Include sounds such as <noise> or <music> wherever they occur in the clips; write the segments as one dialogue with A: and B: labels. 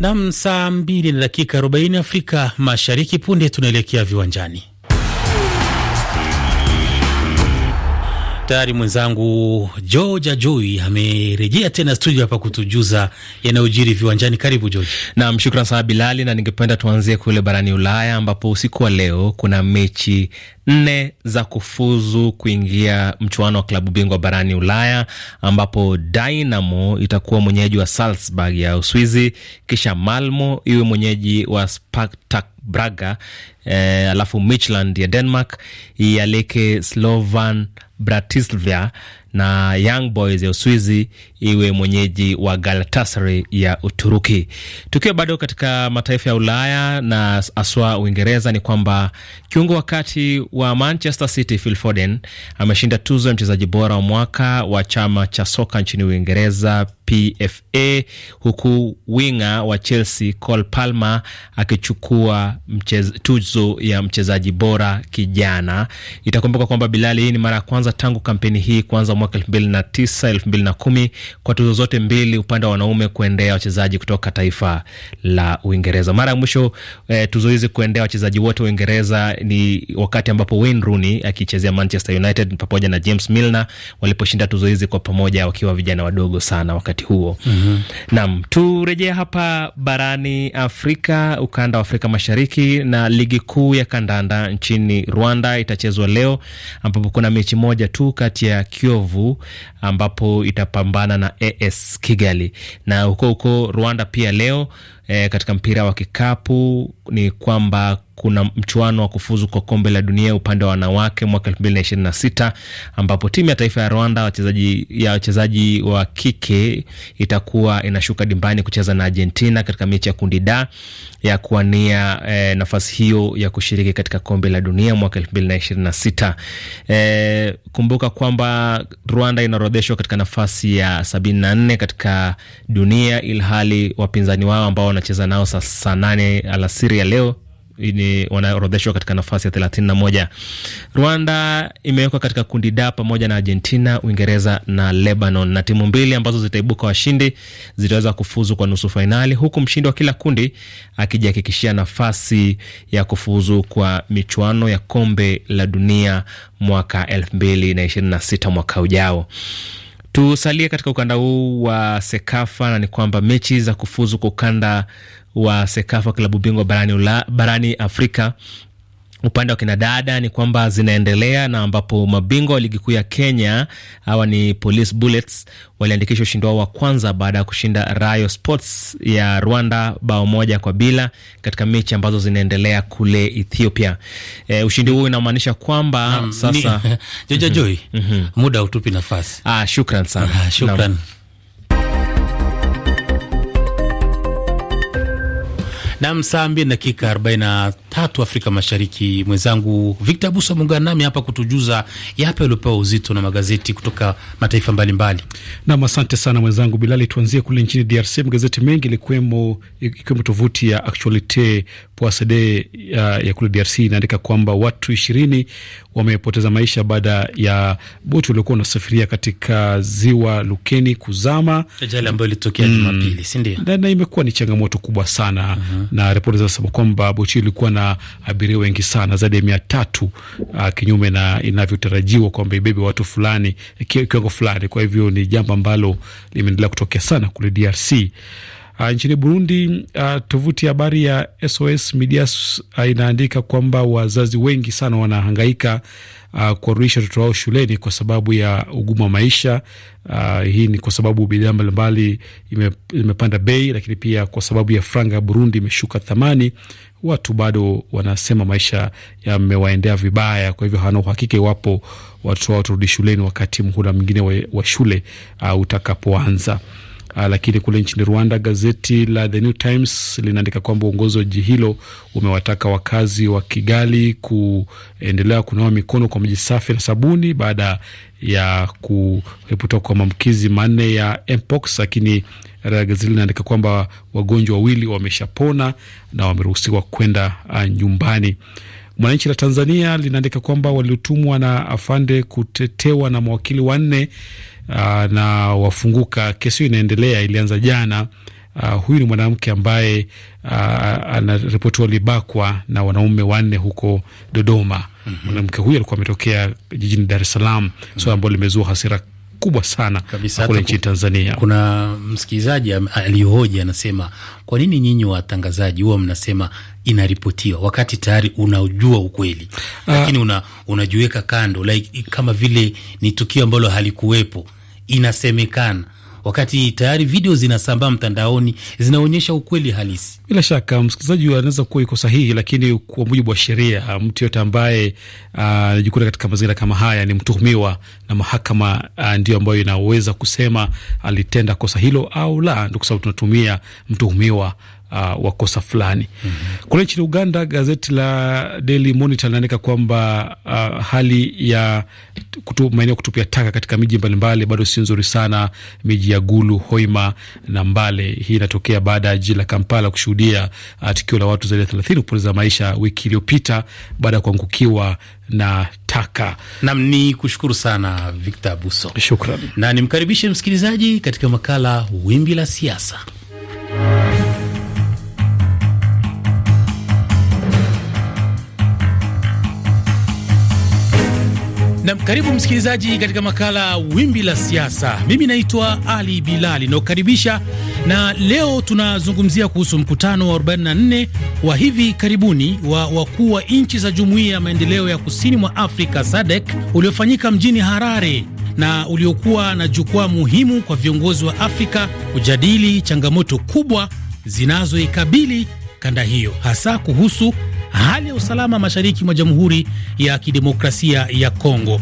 A: Nam, saa mbili na dakika 40 Afrika Mashariki. Punde tunaelekea viwanjani. Daktari mwenzangu George Ajoi amerejea tena studio hapa kutujuza yanayojiri viwanjani. Karibu George.
B: Naam, shukran sana Bilali, na ningependa tuanzie kule barani Ulaya ambapo usiku wa leo kuna mechi nne za kufuzu kuingia mchuano wa klabu bingwa barani Ulaya ambapo Dinamo itakuwa mwenyeji wa Salzburg ya Uswizi, kisha Malmo iwe mwenyeji wa Spartak Braga eh, alafu michland ya Denmark ialeke Slovan Bratislava na Young Boys ya Uswizi iwe mwenyeji wa Galatasaray ya Uturuki. Tukiwa bado katika mataifa ya Ulaya na aswa Uingereza, ni kwamba kiungo wakati wa Manchester City Phil Foden ameshinda tuzo ya mchezaji bora wa mwaka wa chama cha soka nchini Uingereza PFA, huku winga wa Chelsea Cole Palmer akichukua mchez, tuzo ya mchezaji bora kijana. Itakumbuka kwamba Bilali, hii ni mara ya kwanza tangu kampeni hii kwanza mwaka na kumi kwa tuzo zote mbili upande wa wanaume kuendea wachezaji kutoka taifa la Uingereza. Mara ya mwisho eh, tuzo hizi kuendea wachezaji wote wa Uingereza ni wakati ambapo Wayne Rooney akichezea Manchester United pamoja na James Milner waliposhinda tuzo hizi kwa pamoja wakiwa vijana wadogo sana wakati huo. Mm -hmm. Nam, turejee hapa barani Afrika, ukanda wa Afrika Mashariki na ligi kuu ya kandanda nchini Rwanda itachezwa leo ambapo kuna mechi moja tu kati ya Kiyovu Bukavu ambapo itapambana na AS Kigali. Na huko huko Rwanda pia leo e, katika mpira wa kikapu ni kwamba kuna mchuano wa kufuzu kwa kombe la dunia upande wa wanawake mwaka sita ambapo timu ya taifa ya Rwanda wachezaji, ya wachezaji wa kike itakuwa inashuka dimbani kucheza na Argentina katika mechi ya kundi da ya kuwania eh, nafasi hiyo ya kushiriki katika kombe la dunia mwaka sita Eh, kumbuka kwamba Rwanda inaorodheshwa katika nafasi ya nne katika dunia ilhali wapinzani wao ambao wanacheza nao saa nane alasiri ya leo wanaorodheshwa katika nafasi ya moja. Rwanda imewekwa katika kundi D pamoja na Argentina, Uingereza na Lebanon, na timu mbili ambazo zitaibuka washindi zitaweza kufuzu kwa nusu fainali, huku mshindi wa kila kundi akijihakikishia nafasi ya kufuzu kwa michuano ya kombe la dunia mwaka sita mwaka ujao. Tusalie katika ukanda huu wa Sekafa, na ni kwamba mechi za kufuzu kwa ukanda wa Sekafa klabu bingwa barani, barani Afrika upande wa kinadada ni kwamba zinaendelea na ambapo mabingwa wa ligi kuu ya Kenya hawa ni Police Bullets waliandikisha ushindi wao wa kwanza baada ya kushinda Rayo Sports ya Rwanda bao moja kwa bila katika mechi ambazo zinaendelea kule Ethiopia. E, ushindi huu inamaanisha kwamba um, sasa <laughs> Jojo Joy, mhm, mhm. muda utupi nafasi.
A: Ah, shukran sana. Ah, shukran. Nam, saa mbili dakika tatu Afrika Mashariki. Mwenzangu Victor Buso ameungana nami hapa kutujuza yapi aliopewa uzito na magazeti kutoka mataifa mbalimbali.
C: Nam, asante sana mwenzangu Bilali. Tuanzie kule nchini DRC, magazeti mengi ikiwemo tovuti ya Actualite Poasede ya, ya kule DRC inaandika kwamba watu ishirini wamepoteza maisha baada ya boti waliokuwa wanasafiria katika ziwa Lukeni kuzama,
A: ajali ambayo ilitokea Jumapili,
C: si ndio? Mm. Na imekuwa ni changamoto kubwa sana uh -huh na ripoti zinasema kwamba Bochi ilikuwa na abiria wengi sana zaidi ya mia tatu uh, kinyume na inavyotarajiwa kwamba ibebe watu fulani kiwango fulani. Kwa hivyo ni jambo ambalo limeendelea kutokea sana kule DRC. Uh, nchini Burundi, uh, tovuti ya habari ya SOS Media uh, inaandika kwamba wazazi wengi sana wanahangaika uh, kuwarudisha watoto wao shuleni kwa sababu ya ugumu wa maisha. Uh, hii ni kwa sababu bidhaa mbalimbali ime, imepanda bei, lakini pia kwa sababu ya franga ya Burundi imeshuka thamani. Watu bado wanasema maisha yamewaendea vibaya, kwa hivyo hawana uhakika iwapo watoto wao watarudi shuleni wakati mhula mwingine wa, wa shule uh, utakapoanza. Ah, lakini kule nchini Rwanda, gazeti la The New Times linaandika kwamba uongozi wa jiji hilo umewataka wakazi wa Kigali kuendelea kunawa mikono kwa maji safi na sabuni baada ya kuripotiwa kwa maambukizi manne ya mpox. Lakini eh, gazeti linaandika kwamba wagonjwa wawili wameshapona na wameruhusiwa kwenda ah, nyumbani. Mwananchi la Tanzania linaandika kwamba waliotumwa na afande kutetewa na mawakili wanne Ah, na wafunguka. Kesi hiyo inaendelea, ilianza jana. Uh, huyu ni mwanamke ambaye uh, anaripotiwa alibakwa na wanaume wanne huko Dodoma. Mhm. Mwanamke mm -hmm. huyu alikuwa ametokea jijini Dar es Salaam mm -hmm. swala ambalo limezua hasira
A: kubwa sana kule nchini Tanzania. Kuna msikilizaji aliyohoji anasema, kwa nini nyinyi watangazaji huwa mnasema inaripotiwa wakati tayari unajua ukweli, lakini uh, unajiweka kando like, kama vile ni tukio ambalo halikuwepo inasemekana wakati tayari video zinasambaa mtandaoni zinaonyesha ukweli halisi.
C: Bila shaka msikilizaji anaweza kuwa iko sahihi, lakini kwa mujibu wa sheria, ah, mtu yote ambaye ah, anajikuta uh, katika mazingira kama haya ni mtuhumiwa, na mahakama uh, ndio ambayo inaweza kusema alitenda kosa hilo au la. Ndio kwa sababu tunatumia mtuhumiwa uh, wakosa fulani mm -hmm. Kule nchini Uganda, gazeti la Daily Monitor linaandika kwamba uh, hali ya kutu, maeneo kutupia taka katika miji mbalimbali bado si nzuri sana, miji ya Gulu, Hoima na Mbale. Hii inatokea baada ya jiji la Kampala kushuhudia uh, tukio la watu zaidi ya thelathini kupoteza maisha wiki iliyopita baada ya
A: kuangukiwa na taka. Nam ni kushukuru sana Victor Buso, shukran, na nimkaribishe msikilizaji katika makala Wimbi la Siasa. Karibu msikilizaji katika makala Wimbi la Siasa. Mimi naitwa Ali Bilali nakukaribisha, na leo tunazungumzia kuhusu mkutano wa 44 wa hivi karibuni wa wakuu wa nchi za Jumuiya ya Maendeleo ya Kusini mwa Afrika SADC uliofanyika mjini Harare na uliokuwa na jukwaa muhimu kwa viongozi wa Afrika kujadili changamoto kubwa zinazoikabili kanda hiyo hasa kuhusu hali ya usalama mashariki mwa Jamhuri ya Kidemokrasia ya Kongo.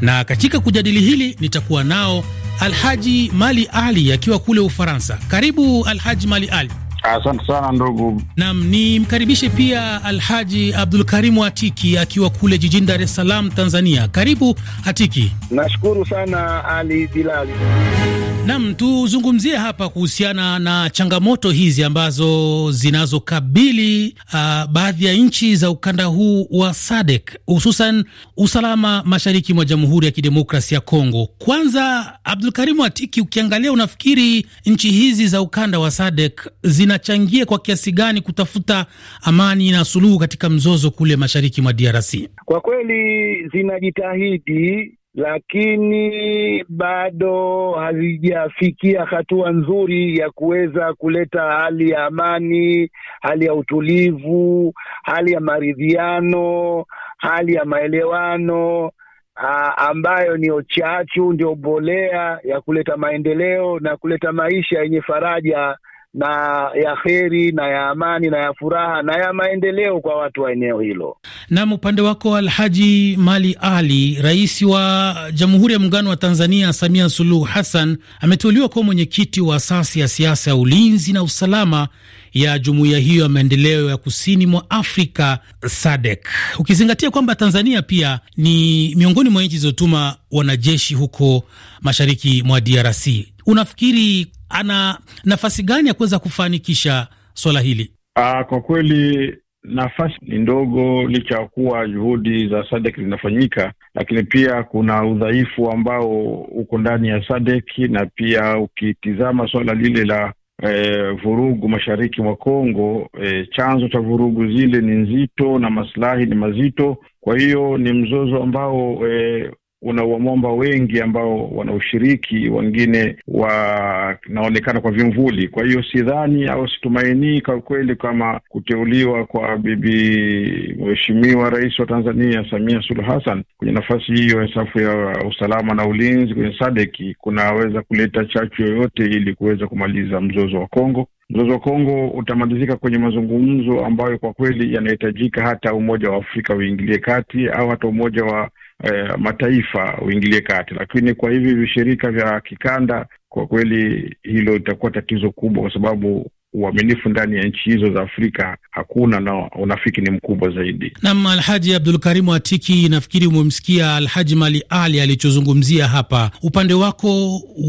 A: Na katika kujadili hili nitakuwa nao Alhaji Mali Ali akiwa kule Ufaransa. Karibu Alhaji Mali Ali.
D: Asante sana ndugu.
A: Naam, nimkaribishe pia Alhaji Karimu Atiki akiwa kule jijini Dar es Salaam, Tanzania. Karibu Atiki. Nashukuru sana Ali Bilali. Naam, tuzungumzie hapa kuhusiana na changamoto hizi ambazo zinazokabili uh, baadhi ya nchi za ukanda huu wa SADC hususan usalama mashariki mwa Jamhuri ya Kidemokrasia ya Kongo. Kwanza Karimu Atiki, ukiangalia unafikiri nchi hizi za ukanda wa SADC zina inachangia kwa kiasi gani kutafuta amani na suluhu katika mzozo kule mashariki mwa DRC?
E: Kwa kweli zinajitahidi lakini bado hazijafikia hatua nzuri ya kuweza kuleta hali ya amani, hali ya utulivu, hali ya maridhiano, hali ya maelewano a, ambayo ni chachu ndio mbolea ya kuleta maendeleo na kuleta maisha yenye faraja na ya kheri na ya amani na ya furaha na ya maendeleo kwa watu wa eneo hilo.
A: Nam, upande wako Alhaji Mali Ali, rais wa Jamhuri ya Muungano wa Tanzania Samia Suluhu Hassan ameteuliwa kuwa mwenyekiti wa asasi ya siasa ya ulinzi na usalama ya jumuiya hiyo ya maendeleo ya kusini mwa Afrika SADC, ukizingatia kwamba Tanzania pia ni miongoni mwa nchi zilizotuma wanajeshi huko mashariki mwa DRC. Unafikiri ana nafasi gani ya kuweza kufanikisha swala hili?
D: Aa, ah, kwa kweli nafasi ni ndogo, licha ya kuwa juhudi za SADC zinafanyika, lakini pia kuna udhaifu ambao uko ndani ya SADC, na pia ukitizama swala lile la E, vurugu mashariki mwa Kongo, e, chanzo cha vurugu zile ni nzito na maslahi ni mazito. Kwa hiyo ni mzozo ambao e, unawamwomba wengi ambao wanaushiriki, wengine wanaonekana kwa vimvuli. Kwa hiyo sidhani au situmainii kwa kweli kama kuteuliwa kwa bibi mheshimiwa rais wa Tanzania Samia sulu Hassan kwenye nafasi hiyo ya safu ya usalama na ulinzi kwenye sadeki kunaweza kuleta chachu yoyote ili kuweza kumaliza mzozo wa Kongo. Mzozo wa Kongo utamalizika kwenye mazungumzo ambayo kwa kweli yanahitajika, hata Umoja wa Afrika uingilie kati au hata Umoja wa eh, mataifa uingilie kati, lakini kwa hivi vishirika vya kikanda, kwa kweli hilo litakuwa tatizo kubwa, kwa sababu uaminifu ndani ya nchi hizo za Afrika hakuna na unafiki ni mkubwa zaidi.
A: Nam Alhaji Abdul Karimu Atiki, nafikiri umemsikia Alhaji Mali Ali alichozungumzia hapa. Upande wako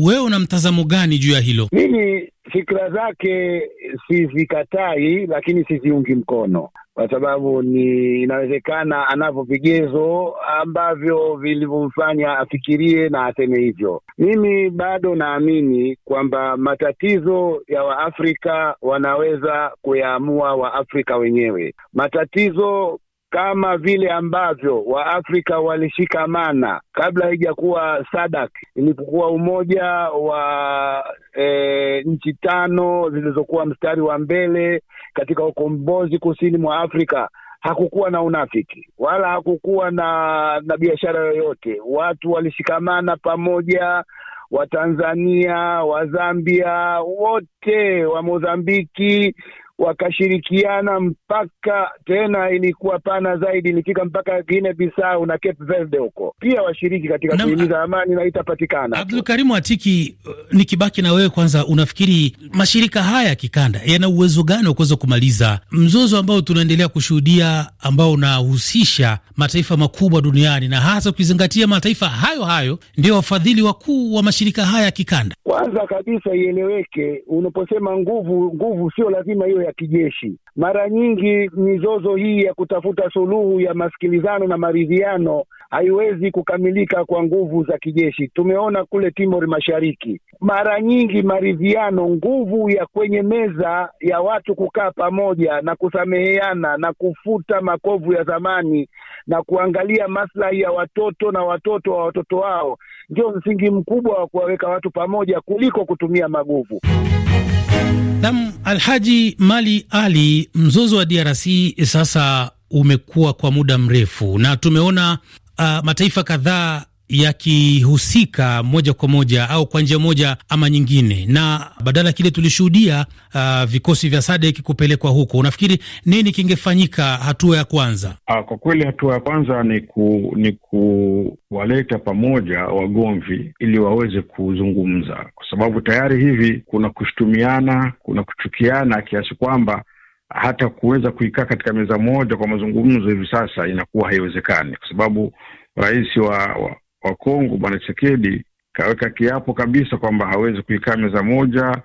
A: wewe una mtazamo gani juu ya hilo?
E: Mimi fikra zake sizikatai, lakini siziungi mkono kwa sababu ni inawezekana anavyo vigezo ambavyo vilivyomfanya afikirie na aseme hivyo. Mimi bado naamini kwamba matatizo ya Waafrika wanaweza kuyaamua Waafrika wenyewe. Matatizo kama vile ambavyo Waafrika walishikamana kabla haijakuwa SADC, ilipokuwa umoja wa e, nchi tano zilizokuwa mstari wa mbele katika ukombozi kusini mwa Afrika. Hakukuwa na unafiki wala hakukuwa na, na biashara yoyote. Watu walishikamana pamoja, Watanzania, Wazambia wote, wa Mozambiki wakashirikiana mpaka tena ilikuwa pana zaidi, ilifika mpaka gine Bisau na Cape Verde huko, pia washiriki katika kuhimiza amani na itapatikana. Abdul
A: Karimu Atiki, uh, nikibaki na wewe kwanza, unafikiri mashirika haya ya kikanda yana uwezo gani wa kuweza kumaliza mzozo ambao tunaendelea kushuhudia ambao unahusisha mataifa makubwa duniani na hasa ukizingatia mataifa hayo hayo ndio wafadhili wakuu wa mashirika haya ya kikanda?
E: Kwanza kabisa ieleweke, unaposema nguvu, nguvu sio lazima iwe ya kijeshi. Mara nyingi mizozo hii ya kutafuta suluhu ya masikilizano na maridhiano haiwezi kukamilika kwa nguvu za kijeshi. Tumeona kule Timor Mashariki, mara nyingi maridhiano, nguvu ya kwenye meza ya watu kukaa pamoja na kusameheana na kufuta makovu ya zamani na kuangalia maslahi ya watoto na watoto wa watoto wao, ndio msingi mkubwa wa kuwaweka watu pamoja kuliko kutumia maguvu.
A: Nam Alhaji Mali Ali, mzozo wa DRC eh, sasa umekuwa kwa muda mrefu na tumeona uh, mataifa kadhaa yakihusika moja kwa moja au kwa njia moja ama nyingine, na badala kile tulishuhudia uh, vikosi vya SADC kupelekwa huko, unafikiri nini kingefanyika hatua ya kwanza?
D: Aa, ah, kwa kweli hatua ya kwanza ni ku, ni kuwaleta pamoja wagomvi ili waweze kuzungumza, kwa sababu tayari hivi kuna kushutumiana, kuna kuchukiana kiasi kwamba hata kuweza kuikaa katika meza moja kwa mazungumzo hivi sasa inakuwa haiwezekani, kwa sababu rais wa, wa wa Kongo Bwana Chekedi kaweka kiapo kabisa kwamba hawezi kuikaa meza moja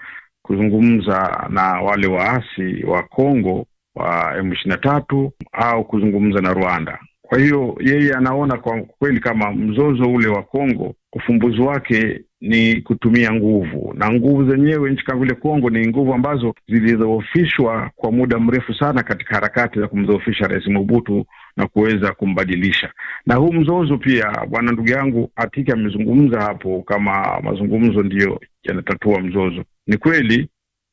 D: kuzungumza na wale waasi wa Kongo wa M ishirini na tatu au kuzungumza na Rwanda. Kwa hiyo yeye anaona kwa kweli kama mzozo ule wa Kongo ufumbuzi wake ni kutumia nguvu, na nguvu zenyewe nchi kama vile Kongo ni nguvu ambazo zilidhoofishwa kwa muda mrefu sana katika harakati za kumdhoofisha Rais Mobutu na kuweza kumbadilisha. Na huu mzozo pia, bwana ndugu yangu Atiki amezungumza hapo, kama mazungumzo ndiyo yanatatua mzozo. Ni kweli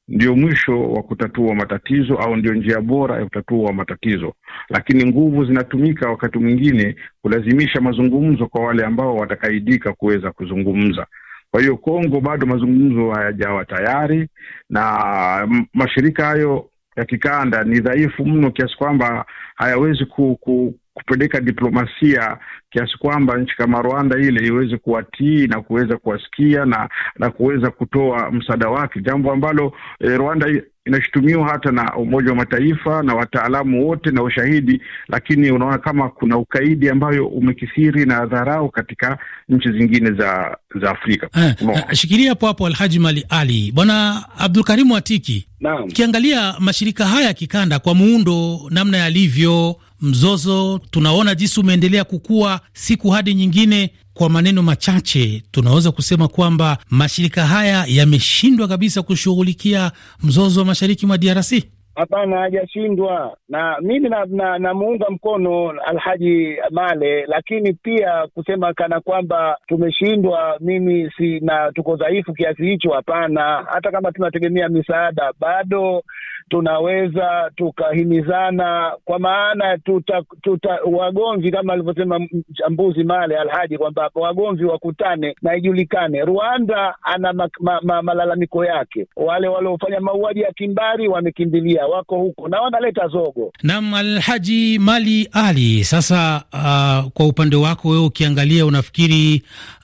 D: ndio mwisho wa kutatua matatizo au ndio njia bora ya kutatua matatizo, lakini nguvu zinatumika wakati mwingine kulazimisha mazungumzo kwa wale ambao watakaidika kuweza kuzungumza. Kwa hiyo Kongo bado mazungumzo hayajawa tayari, na mashirika hayo ya kikanda ni dhaifu mno kiasi kwamba hayawezi ku, ku, kupeleka diplomasia kiasi kwamba nchi kama Rwanda ile iweze kuwatii na kuweza kuwasikia na na kuweza kutoa msaada wake, jambo ambalo eh, Rwanda inashutumiwa hata na Umoja wa Mataifa na wataalamu wote na ushahidi, lakini unaona kama kuna ukaidi ambayo umekithiri na dharau katika nchi zingine za za Afrika. Ha, eh,
A: eh, no. shikilia hapo hapo Alhaji Mali Ali, Bwana Abdul Karimu Atiki. Naam. Ukiangalia mashirika haya ya kikanda kwa muundo namna yalivyo mzozo tunaona jinsi umeendelea kukua siku hadi nyingine. Kwa maneno machache, tunaweza kusema kwamba mashirika haya yameshindwa kabisa kushughulikia mzozo wa mashariki mwa DRC.
E: Hapana, hajashindwa na mimi namuunga na, na mkono Alhaji Male, lakini pia kusema kana kwamba tumeshindwa, mimi si na tuko dhaifu kiasi hicho, hapana. Hata kama tunategemea misaada, bado tunaweza tukahimizana, kwa maana tuta, tuta wagomvi kama alivyosema mchambuzi Male Alhaji kwamba wagomvi wakutane na ijulikane. Rwanda ana ma, ma, ma, malalamiko yake, wale waliofanya mauaji ya kimbari wamekimbilia wako huko na wanaleta zogo.
A: Naam, Alhaji Mali Ali, sasa uh, kwa upande wako wewe ukiangalia, unafikiri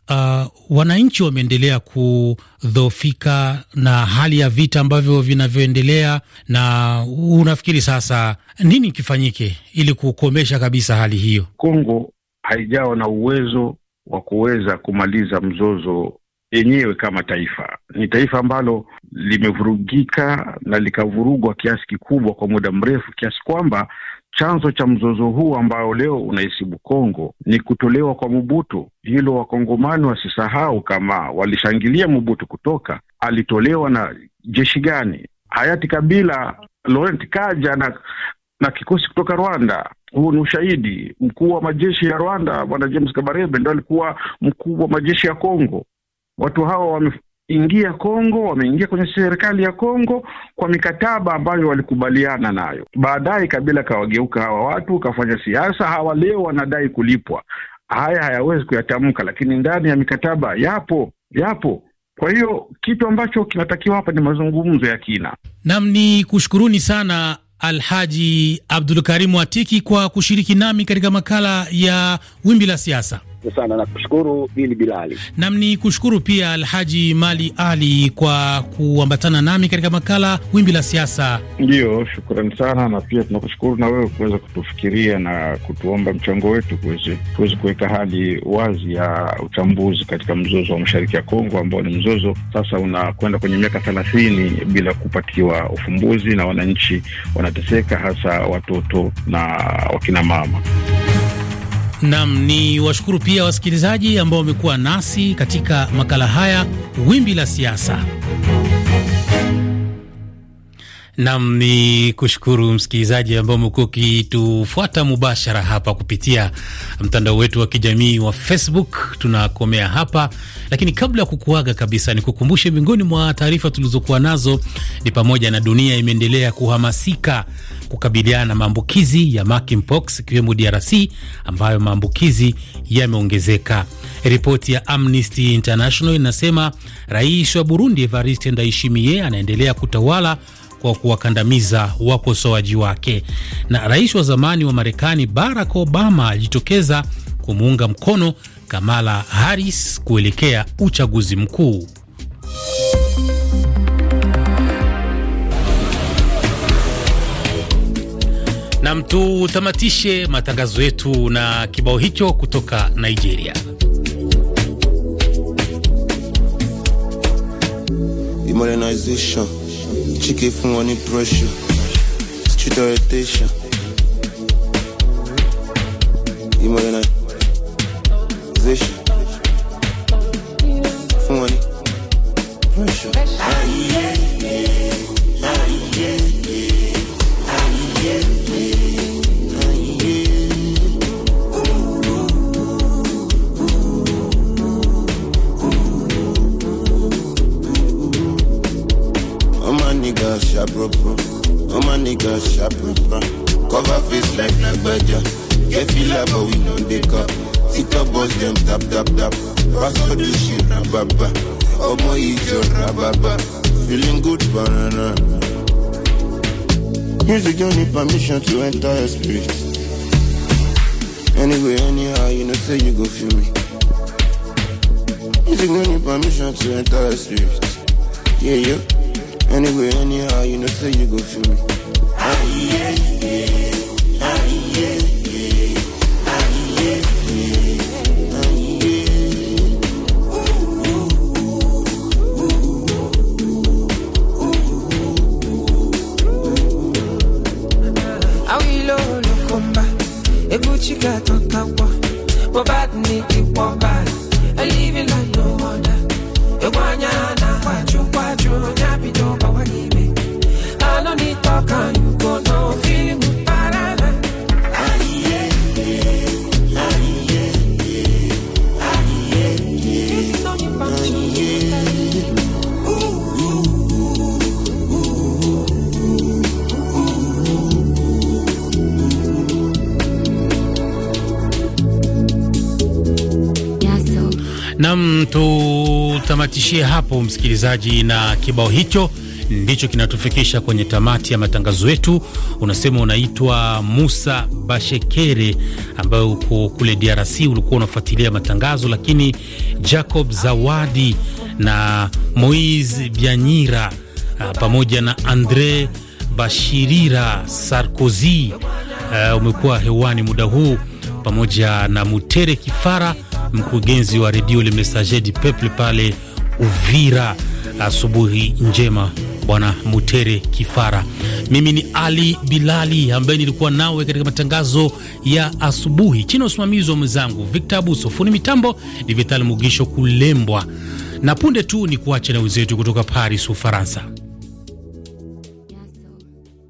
A: uh, wananchi wameendelea kudhoofika na hali ya vita ambavyo vinavyoendelea, na unafikiri sasa nini kifanyike ili kukomesha kabisa hali hiyo?
D: Kongo haijawa na uwezo wa kuweza kumaliza mzozo yenyewe kama taifa. Ni taifa ambalo limevurugika na likavurugwa kiasi kikubwa kwa muda mrefu, kiasi kwamba chanzo cha mzozo huu ambao leo unaisibu Kongo ni kutolewa kwa Mubutu. Hilo wakongomani wasisahau. Kama walishangilia Mubutu kutoka, alitolewa na jeshi gani? Hayati Kabila, Laurent Kaja na na kikosi kutoka Rwanda. Huu ni ushahidi. Mkuu wa majeshi ya Rwanda Bwana James Kabarebe ndo alikuwa mkuu wa majeshi ya Kongo. Watu hawa wameingia Kongo, wameingia kwenye serikali ya Kongo kwa mikataba ambayo walikubaliana nayo. Baadaye Kabila kawageuka hawa watu, kafanya siasa. Hawa leo wanadai kulipwa. Haya hayawezi kuyatamka, lakini ndani ya mikataba yapo, yapo. Kwa hiyo kitu ambacho kinatakiwa hapa ni mazungumzo ya
A: kina. Nam ni kushukuruni sana Alhaji Abdulkarimu Atiki kwa kushiriki nami katika makala ya Wimbi la Siasa.
E: Asante sana na kushukuru Bili Bilali
A: nam ni kushukuru pia Alhaji Mali Ali kwa kuambatana nami katika makala Wimbi la Siasa.
D: Ndiyo, shukrani sana, na pia tunakushukuru na wewe kuweza kutufikiria na kutuomba mchango wetu kuweze kuweka hali wazi ya uchambuzi katika mzozo wa mashariki ya Kongo ambao ni mzozo sasa unakwenda kwenye miaka thelathini bila kupatiwa ufumbuzi, na wananchi wanateseka, hasa watoto na wakinamama.
A: Nam ni washukuru pia wasikilizaji ambao wamekuwa nasi katika makala haya, wimbi la siasa. Nam ni kushukuru msikilizaji ambao umekuwa ukitufuata mubashara hapa kupitia mtandao wetu wa kijamii wa Facebook. Tunakomea hapa, lakini kabla ya kukuaga kabisa, nikukumbushe miongoni mwa taarifa tulizokuwa nazo ni pamoja na dunia imeendelea kuhamasika kukabiliana na maambukizi ya monkeypox ikiwemo DRC ambayo maambukizi yameongezeka. Ripoti ya Amnesty International inasema rais wa Burundi Evariste Ndayishimiye anaendelea kutawala kwa kuwakandamiza wakosoaji wake. Na rais wa zamani wa Marekani Barack Obama alijitokeza kumuunga mkono Kamala Harris kuelekea uchaguzi mkuu. Nam, tutamatishe matangazo yetu na kibao hicho kutoka Nigeria.
E: Chike fún wọn ní pressure street orientation ìmọ̀lẹ́nà zation. water, but we know they come. It up boss them tap tap tap. Pass for the shit, rababa. Oh my, your rababa. Feeling good, banana. Music don't need permission to enter your spirit. Anyway, anyhow, you know, say you go feel me. Music don't need permission to enter your spirit. Yeah, yeah. Anyway, anyhow, you know, say you go feel me. Ah, yeah, yeah. Ah, yeah. you got on kawa. My bad nigga, one bad. I live in like no other. na do I don't need talk on you.
A: Nam, tutamatishie hapo msikilizaji, na kibao hicho ndicho kinatufikisha kwenye tamati ya matangazo yetu. Unasema unaitwa Musa Bashekere, ambaye uko kule DRC, ulikuwa unafuatilia matangazo, lakini Jacob Zawadi na Moise bianyira ah, pamoja na Andre Bashirira Sarkozy ah, umekuwa hewani muda huu pamoja na Mutere Kifara mkurugenzi wa redio Le Messager du Peuple pale Uvira. Asubuhi njema Bwana Mutere Kifara. Mimi ni Ali Bilali ambaye nilikuwa nawe katika matangazo ya asubuhi chini ya usimamizi wa mwenzangu Victor Abuso. Fundi mitambo ni Vitali Mugisho Kulembwa, na punde tu ni kuacha na wenzetu kutoka Paris, Ufaransa.